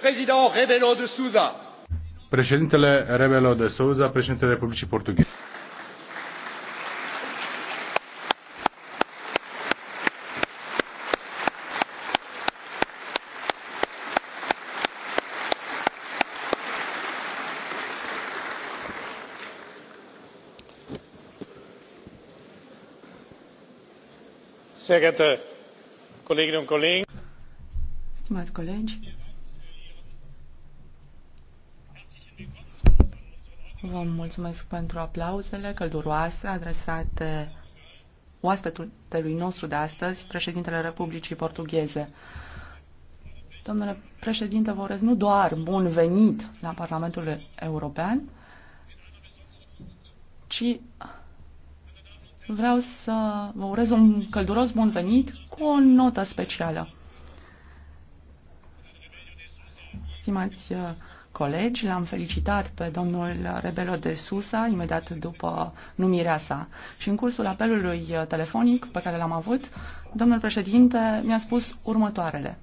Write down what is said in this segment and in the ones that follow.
Président Rebelo de Souza. Președintele Rebelo de Souza, președintele Republicii Portugheze. sehr geehrte kolleginnen und kollegen stimați colegi Vă mulțumesc pentru aplauzele călduroase adresate oaspetului nostru de astăzi, președintele Republicii Portugheze. Domnule președinte, vă urez nu doar bun venit la Parlamentul European, ci vreau să vă urez un călduros bun venit cu o notă specială. Stimați uh, colegi, l-am felicitat pe domnul Rebelo de Susa imediat după numirea sa. Și în cursul apelului uh, telefonic pe care l-am avut, domnul președinte mi-a spus următoarele.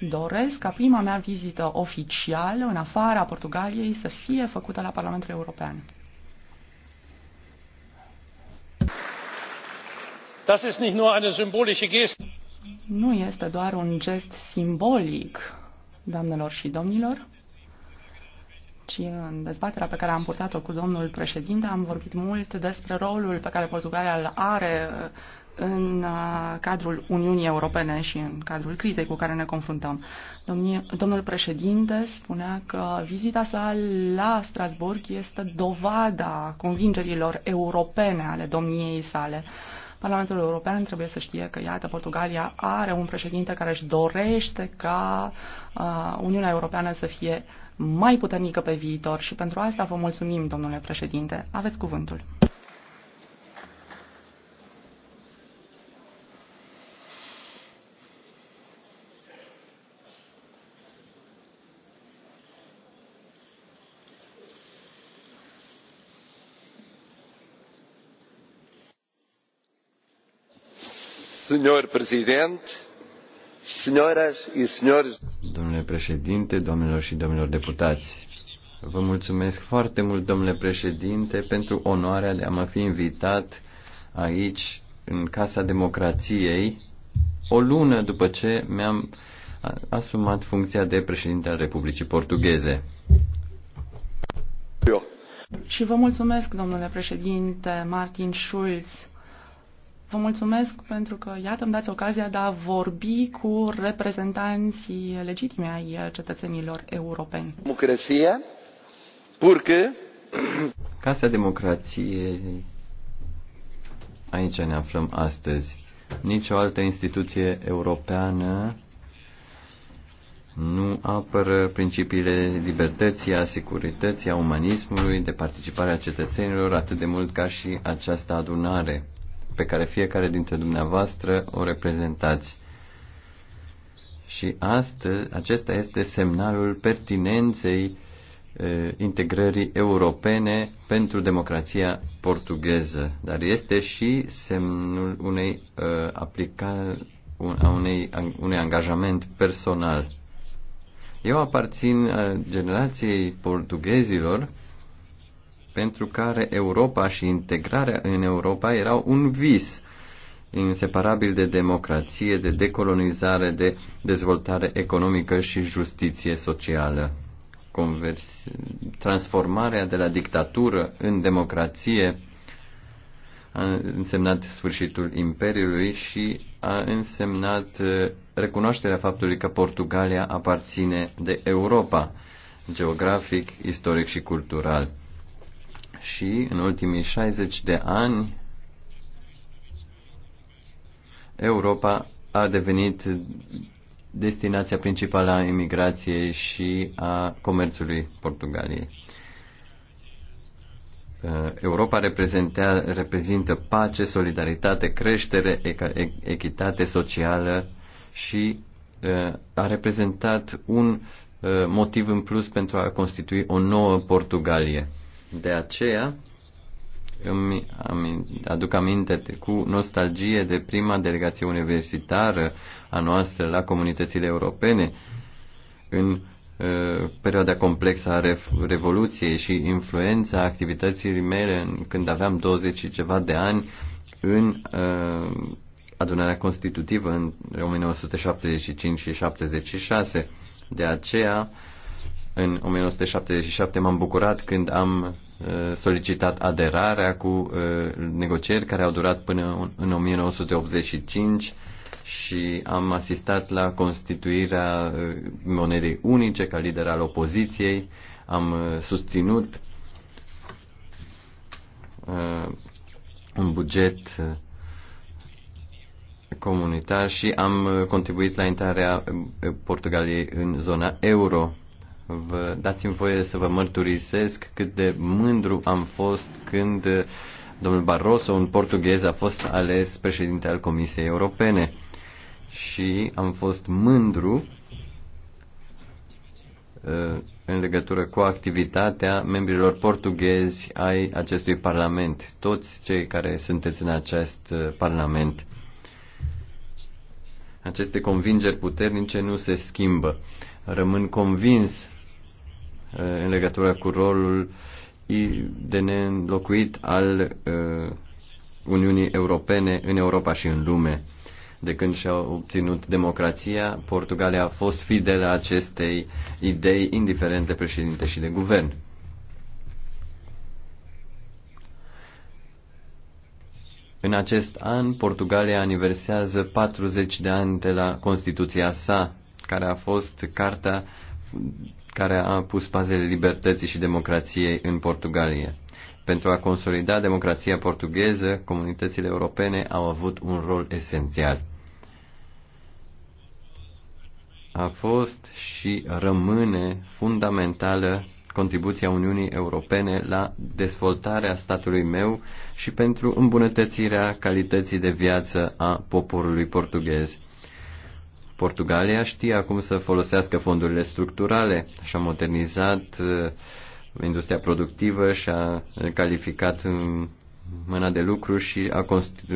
Doresc ca prima mea vizită oficială în afara Portugaliei să fie făcută la Parlamentul European. Das ist nicht nur eine symbolische Geste. Nu este doar un gest simbolic, doamnelor și domnilor ci în dezbaterea pe care am purtat-o cu domnul președinte am vorbit mult despre rolul pe care Portugalia îl are uh, în uh, cadrul Uniunii Europene și în cadrul crizei cu care ne confruntăm. Domnul președinte spunea că vizita sa la Strasburg este dovada convingerilor europene ale domniei sale. Parlamentul European trebuie să știe că, iată, Portugalia are un președinte care își dorește ca uh, Uniunea Europeană să fie uh, mai puternică pe viitor și pentru asta vă mulțumim, domnule președinte. Aveți cuvântul. Senhor Presidente, Domnule președinte, domnilor și domnilor deputați, vă mulțumesc foarte mult, domnule președinte, pentru onoarea de a mă fi invitat aici, în Casa Democrației, o lună după ce mi-am asumat funcția de președinte al Republicii Portugheze. Și vă mulțumesc, domnule președinte Martin Schulz Vă mulțumesc pentru că, iată, îmi dați ocazia de a vorbi cu reprezentanții legitime ai cetățenilor europeni. Democrația, purcă... Casa Democrației, aici ne aflăm astăzi. Nici o altă instituție europeană nu apără principiile libertății, a securității, a umanismului, de participare a cetățenilor atât de mult ca și această adunare pe care fiecare dintre dumneavoastră o reprezentați. Și astăzi, acesta este semnalul pertinenței integrării europene pentru democrația portugheză, dar este și semnul unei uh, aplica, un, a unei, a unui angajament personal. Eu aparțin generației portughezilor pentru care Europa și integrarea în Europa erau un vis inseparabil de democrație, de decolonizare, de dezvoltare economică și justiție socială. Convers- transformarea de la dictatură în democrație a însemnat sfârșitul Imperiului și a însemnat uh, recunoașterea faptului că Portugalia aparține de Europa, geografic, istoric și cultural. Și în ultimii 60 de ani Europa a devenit destinația principală a emigrației și a comerțului Portugaliei. Uh, Europa reprezintă pace, solidaritate, creștere, echitate socială și uh, a reprezentat un uh, motiv în plus pentru a constitui o nouă Portugalie. De aceea îmi aduc aminte cu nostalgie de prima delegație universitară a noastră la comunitățile europene în ă, perioada complexă a Revoluției și influența activității mele când aveam 20 și ceva de ani în ă, adunarea constitutivă în 1975 și 76. De aceea în 1977 m-am bucurat când am uh, solicitat aderarea cu uh, negocieri care au durat până în 1985 și am asistat la constituirea uh, monedei unice ca lider al opoziției, am susținut un buget comunitar și am contribuit la intrarea Portugaliei în zona euro Vă dați-mi voie să vă mărturisesc cât de mândru am fost când domnul Barroso, un portughez, a fost ales președinte al Comisiei Europene. Și am fost mândru uh, în legătură cu activitatea membrilor portughezi ai acestui parlament, toți cei care sunteți în acest uh, parlament. Aceste convingeri puternice nu se schimbă. Rămân convins Uh, în legătură cu rolul de neînlocuit al uh, Uniunii Europene în Europa și în lume. De când și-a obținut democrația, Portugalia a fost fidelă acestei idei, indiferent de președinte și de guvern. În acest an, Portugalia aniversează 40 de ani de la Constituția sa, care a fost cartea care a pus bazele libertății și democrației în Portugalia. Pentru a consolida democrația portugheză, comunitățile europene au avut un rol esențial. A fost și rămâne fundamentală contribuția Uniunii Europene la dezvoltarea statului meu și pentru îmbunătățirea calității de viață a poporului portughez. Portugalia știe acum să folosească fondurile structurale și a modernizat uh, industria productivă și a calificat mâna de lucru și a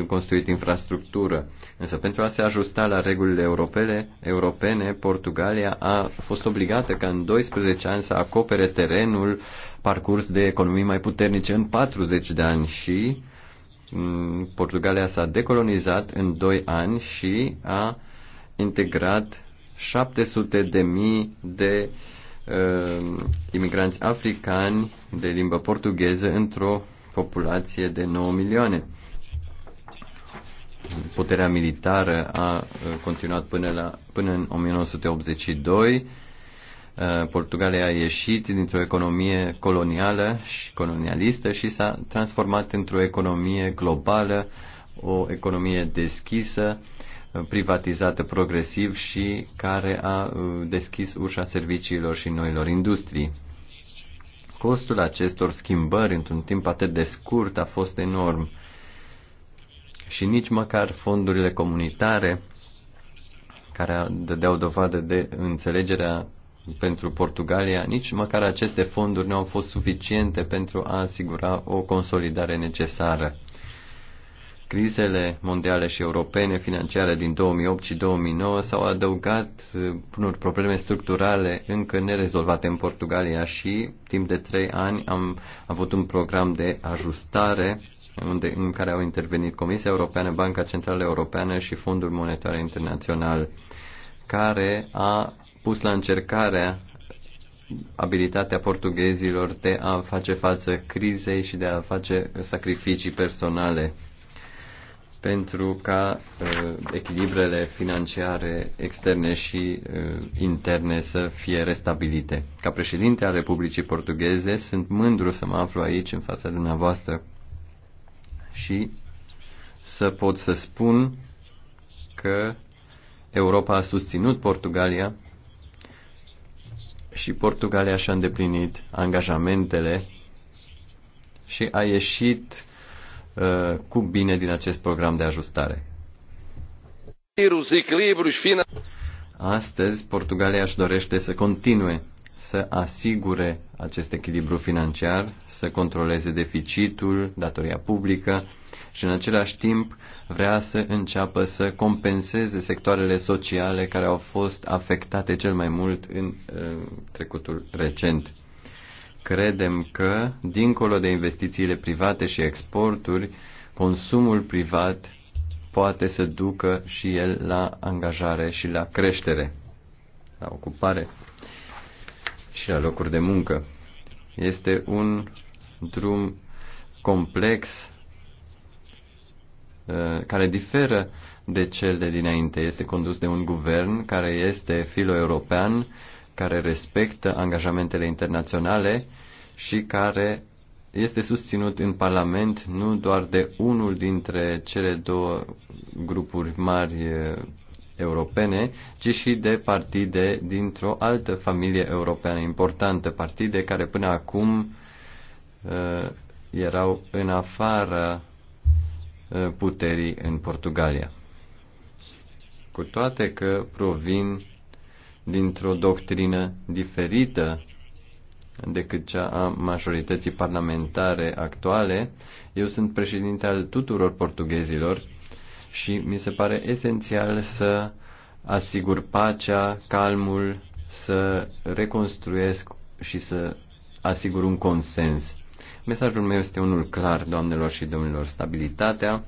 construit infrastructură. Însă pentru a se ajusta la regulile europene, europene Portugalia a fost obligată ca în 12 ani să acopere terenul parcurs de economii mai puternice în 40 de ani și mm, Portugalia s-a decolonizat în 2 ani și a integrat 700 de mii de uh, imigranți africani de limbă portugheză într-o populație de 9 milioane. Puterea militară a uh, continuat până, la, până în 1982. Uh, Portugalia a ieșit dintr-o economie colonială și colonialistă și s-a transformat într-o economie globală, o economie deschisă, privatizată progresiv și care a uh, deschis ușa serviciilor și noilor industrii. Costul acestor schimbări într-un timp atât de scurt a fost enorm și nici măcar fondurile comunitare care dădeau dovadă de înțelegerea pentru Portugalia, nici măcar aceste fonduri nu au fost suficiente pentru a asigura o consolidare necesară. Crizele mondiale și europene financiare din 2008 și 2009 s-au adăugat uh, unor probleme structurale încă nerezolvate în Portugalia și timp de trei ani am avut un program de ajustare unde, în care au intervenit Comisia Europeană, Banca Centrală Europeană și Fondul Monetar Internațional, care a pus la încercare abilitatea portughezilor de a face față crizei și de a face sacrificii personale pentru ca uh, echilibrele financiare externe și uh, interne să fie restabilite. Ca președinte al Republicii Portugheze sunt mândru să mă aflu aici în fața dumneavoastră și să pot să spun că Europa a susținut Portugalia și Portugalia și-a îndeplinit angajamentele și a ieșit Uh, cu bine din acest program de ajustare. Astăzi, Portugalia își dorește să continue să asigure acest echilibru financiar, să controleze deficitul, datoria publică și în același timp vrea să înceapă să compenseze sectoarele sociale care au fost afectate cel mai mult în în uh, trecutul recent. Credem că, dincolo de investițiile private și exporturi, consumul privat poate să ducă și el la angajare și la creștere, la ocupare și la locuri de muncă. Este un drum complex uh, care diferă de cel de dinainte. Este condus de un guvern care este filo-european care respectă angajamentele internaționale și care este susținut în Parlament nu doar de unul dintre cele două grupuri mari eh, europene, ci și de partide dintr-o altă familie europeană importantă, partide care până acum uh, erau în afara uh, puterii în Portugalia. Cu toate că provin dintr-o doctrină diferită decât cea a majorității parlamentare actuale. Eu sunt președinte al tuturor portughezilor și mi se pare esențial să asigur pacea, calmul, să reconstruiesc și să asigur un consens. Mesajul meu este unul clar, doamnelor și domnilor, stabilitatea,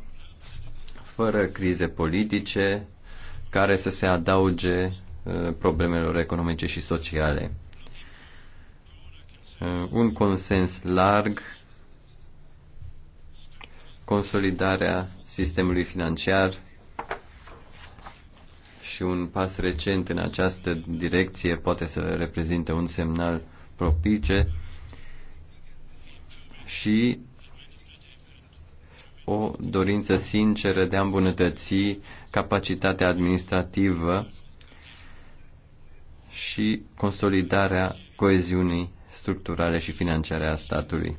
fără crize politice care să se adauge Uh, problemelor economice și sociale. Uh, un consens larg, consolidarea sistemului financiar și un pas recent în această direcție poate să reprezinte un semnal propice și o dorință sinceră de a îmbunătăți capacitatea administrativă și consolidarea coeziunii structurale și financiare a statului.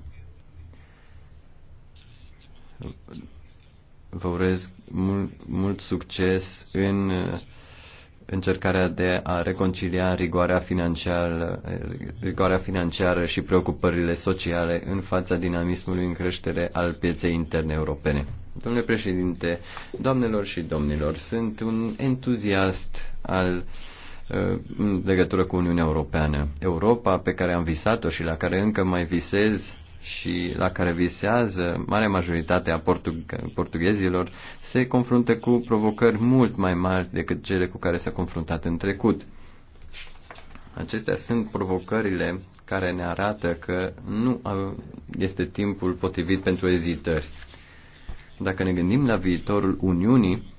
Vă urez mult, mult succes în încercarea de a reconcilia rigoarea financiară, rigoarea financiară și preocupările sociale în fața dinamismului în creștere al pieței interne europene. Domnule președinte, doamnelor și domnilor, sunt un entuziast al uh, Uh, în legătură cu Uniunea Europeană. Europa pe care am visat-o și la care încă mai visez și la care visează marea majoritate a portughezilor, se confruntă cu provocări mult mai mari decât cele cu care s-a confruntat în trecut. Acestea sunt provocările care ne arată că nu este timpul potrivit pentru ezitări. Dacă ne gândim la viitorul Uniunii,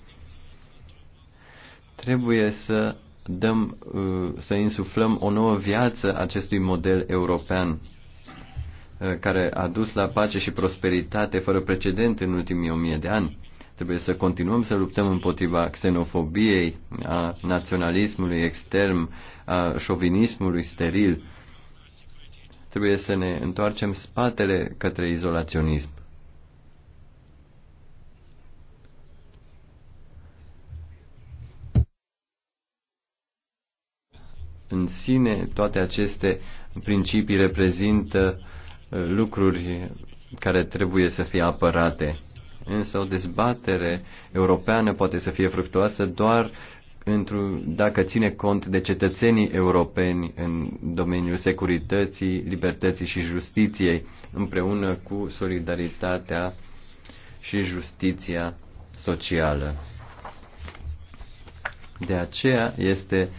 trebuie să dăm, uh, să insuflăm o nouă viață acestui model european uh, care a dus la pace și prosperitate fără precedent în ultimii o mie de ani. Trebuie să continuăm să luptăm împotriva xenofobiei, a naționalismului extern, a șovinismului steril. Trebuie să ne întoarcem spatele către izolaționism. în sine toate aceste principii reprezintă uh, lucruri care trebuie să fie apărate. Însă o dezbatere europeană poate să fie fructuoasă doar dacă ține cont de cetățenii europeni în domeniul securității, libertății și justiției, împreună cu solidaritatea și justiția socială. De aceea este uh,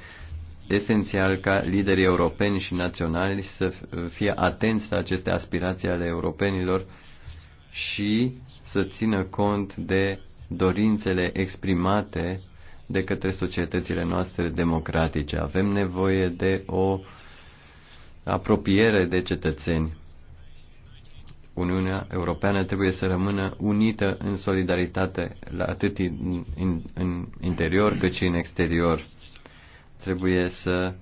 esențial ca liderii europeni și naționali să fie atenți la aceste aspirații ale europenilor și să țină cont de dorințele exprimate de către societățile noastre democratice. Avem nevoie de o apropiere de cetățeni. Uniunea Europeană trebuie să rămână unită în solidaritate, atât în, în interior cât și în exterior trebuie să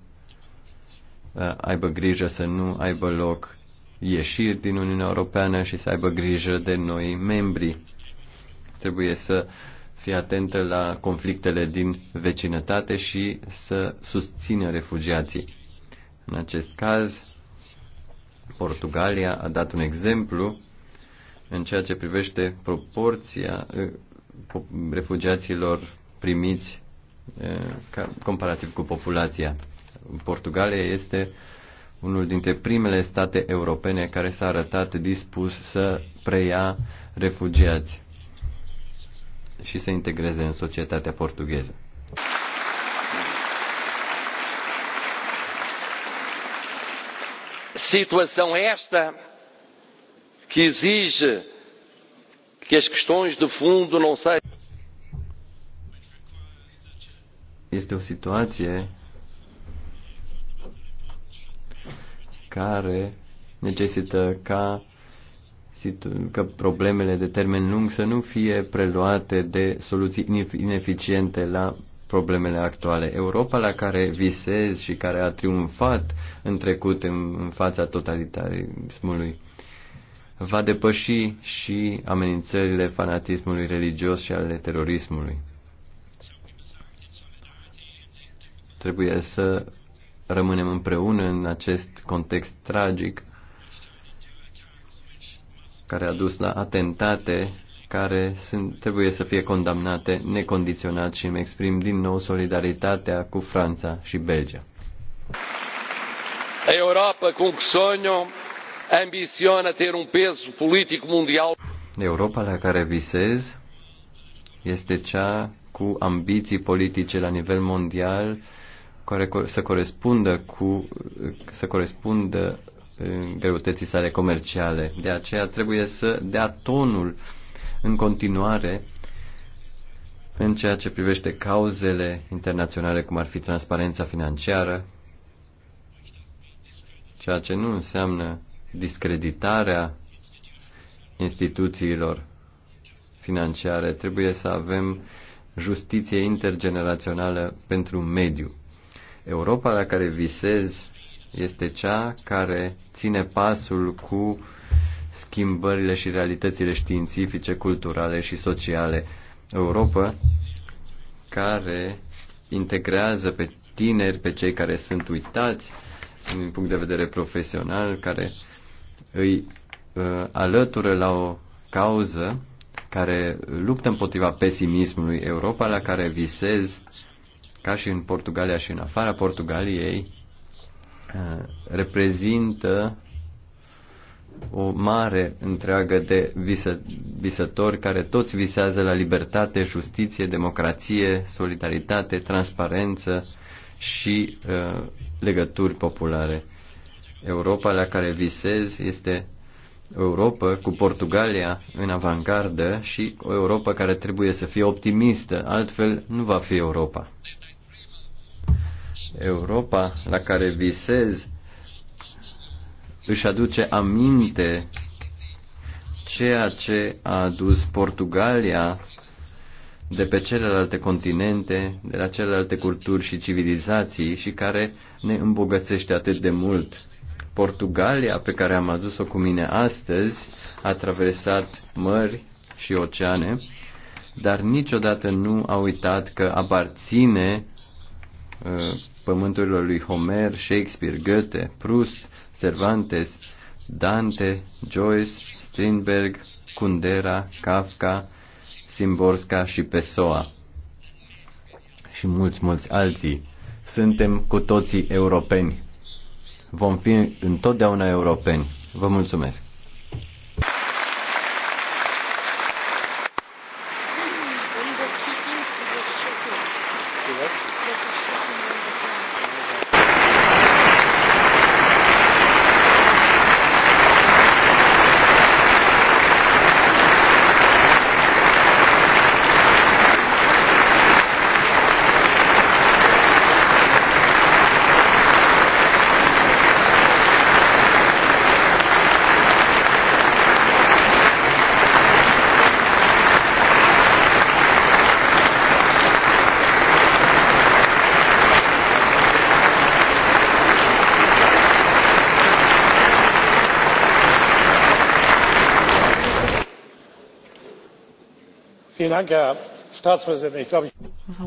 uh, aibă grijă să nu aibă loc ieșiri din Uniunea Europeană și să aibă grijă de noi membri. Trebuie să fie atentă la conflictele din vecinătate și să susțină refugiații. În acest caz, Portugalia a dat un exemplu în ceea ce privește proporția uh, refugiaților primiți comparativ cu populația. Portugalia este unul dintre primele state europene care s-a arătat dispus să preia refugiați și să integreze în societatea portugheză. Situação esta que exige que as questões de fundo não sejam Este o situație care necesită ca, ca problemele de termen lung să nu fie preluate de soluții ineficiente la problemele actuale. Europa la care visez și care a triumfat în trecut în, în fața totalitarismului va depăși și amenințările fanatismului religios și ale terorismului. Trebuie să rămânem împreună în acest context tragic care a dus la atentate care sunt, trebuie să fie condamnate necondiționat și îmi exprim din nou solidaritatea cu Franța și Belgia. Europa cu un sonho ambiciona ter un um pes politic mondial. Europa la care visez este cea cu ambiții politice la nivel mondial care să corespundă cu să corespundă greutății sale comerciale. De aceea trebuie să dea tonul în continuare în ceea ce privește cauzele internaționale, cum ar fi transparența financiară, ceea ce nu înseamnă discreditarea instituțiilor financiare. Trebuie să avem justiție intergenerațională pentru mediu. Europa la care visez este cea care ține pasul cu schimbările și realitățile științifice, culturale și sociale. Europa care integrează pe tineri, pe cei care sunt uitați din punct de vedere profesional, care îi uh, alătură la o cauză care luptă împotriva pesimismului Europa la care visez ca și în Portugalia și în afara Portugaliei, uh, reprezintă o mare întreagă de visă, visători care toți visează la libertate, justiție, democrație, solidaritate, transparență și uh, legături populare. Europa la care visez este Europa cu Portugalia în avangardă și o Europa care trebuie să fie optimistă, altfel nu va fi Europa. Europa la care visez își aduce aminte ceea ce a adus Portugalia de pe celelalte continente, de la celelalte culturi și civilizații și care ne îmbogățește atât de mult Portugalia, pe care am adus-o cu mine astăzi, a traversat mări și oceane, dar niciodată nu a uitat că aparține uh, pământurilor lui Homer, Shakespeare, Goethe, Proust, Cervantes, Dante, Joyce, Strindberg, Kundera, Kafka, Simborska și Pessoa și mulți, mulți alții. Suntem cu toții europeni. Vom fi întotdeauna europeni. Vă mulțumesc! Vă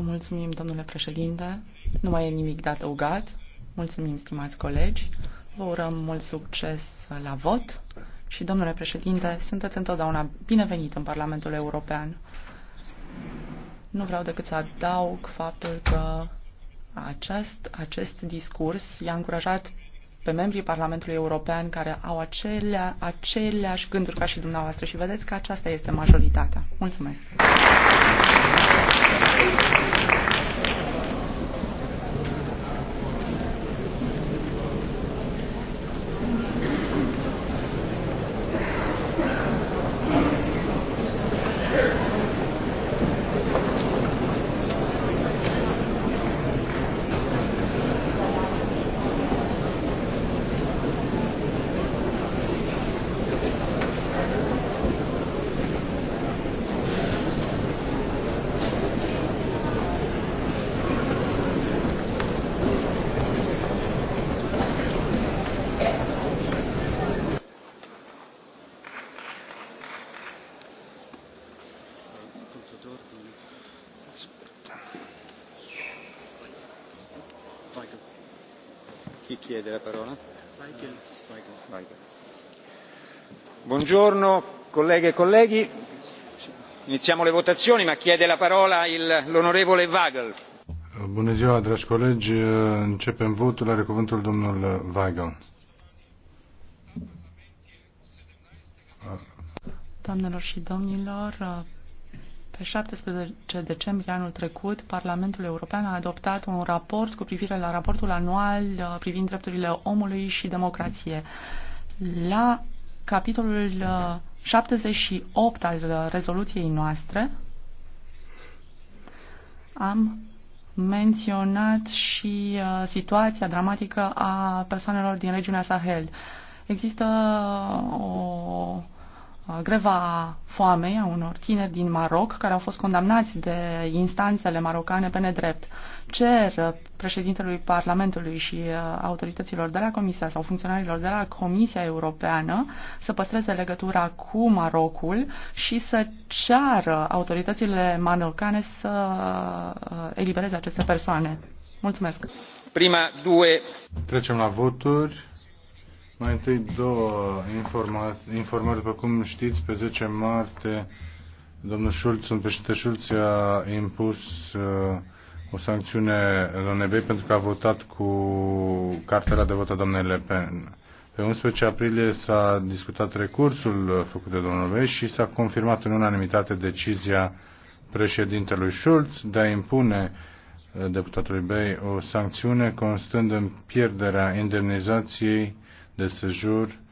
mulțumim, domnule președinte. Nu mai e nimic de adăugat. Mulțumim, stimați colegi. Vă urăm mult succes la vot. Și, domnule președinte, sunteți întotdeauna binevenit în Parlamentul European. Nu vreau decât să adaug faptul că acest, acest discurs i-a încurajat pe membrii Parlamentului European care au acelea, aceleași gânduri ca și dumneavoastră și vedeți că aceasta este majoritatea. Mulțumesc! chiede parola. Michael. Michael. Buongiorno colleghe e colleghi. Iniziamo le votazioni, ma chiede la parola l'onorevole Vagel. Bună ziua, dragi colegi. Începem votul. Are cuvântul domnul Weigel. Doamnelor și domnilor, pe 17 decembrie anul trecut, Parlamentul European a adoptat un raport cu privire la raportul anual uh, privind drepturile omului și democrație. La capitolul 78 uh, al uh, rezoluției noastre am menționat și situația dramatică a persoanelor din regiunea Sahel. Există o Uh, greva foamei a unor tineri din Maroc care au fost condamnați de instanțele marocane pe nedrept. Cer uh, președintelui Parlamentului și uh, autorităților de la Comisia sau funcționarilor de la Comisia Europeană să păstreze legătura cu Marocul și să ceară autoritățile marocane să elibereze aceste persoane. Mulțumesc. Prima, două. Trecem la voturi. Mai întâi două informa- informări. După cum știți, pe 10 martie, domnul Schulz, un președinte Schulz, a impus uh, o sancțiune la NB pentru că a votat cu cartela de vot a doamnei Le Pen. Pe 11 aprilie s-a discutat recursul făcut de domnul Vei și s-a confirmat în unanimitate decizia președintelui Schulz de a impune uh, deputatului Bey o sancțiune constând în pierderea indemnizației de sejur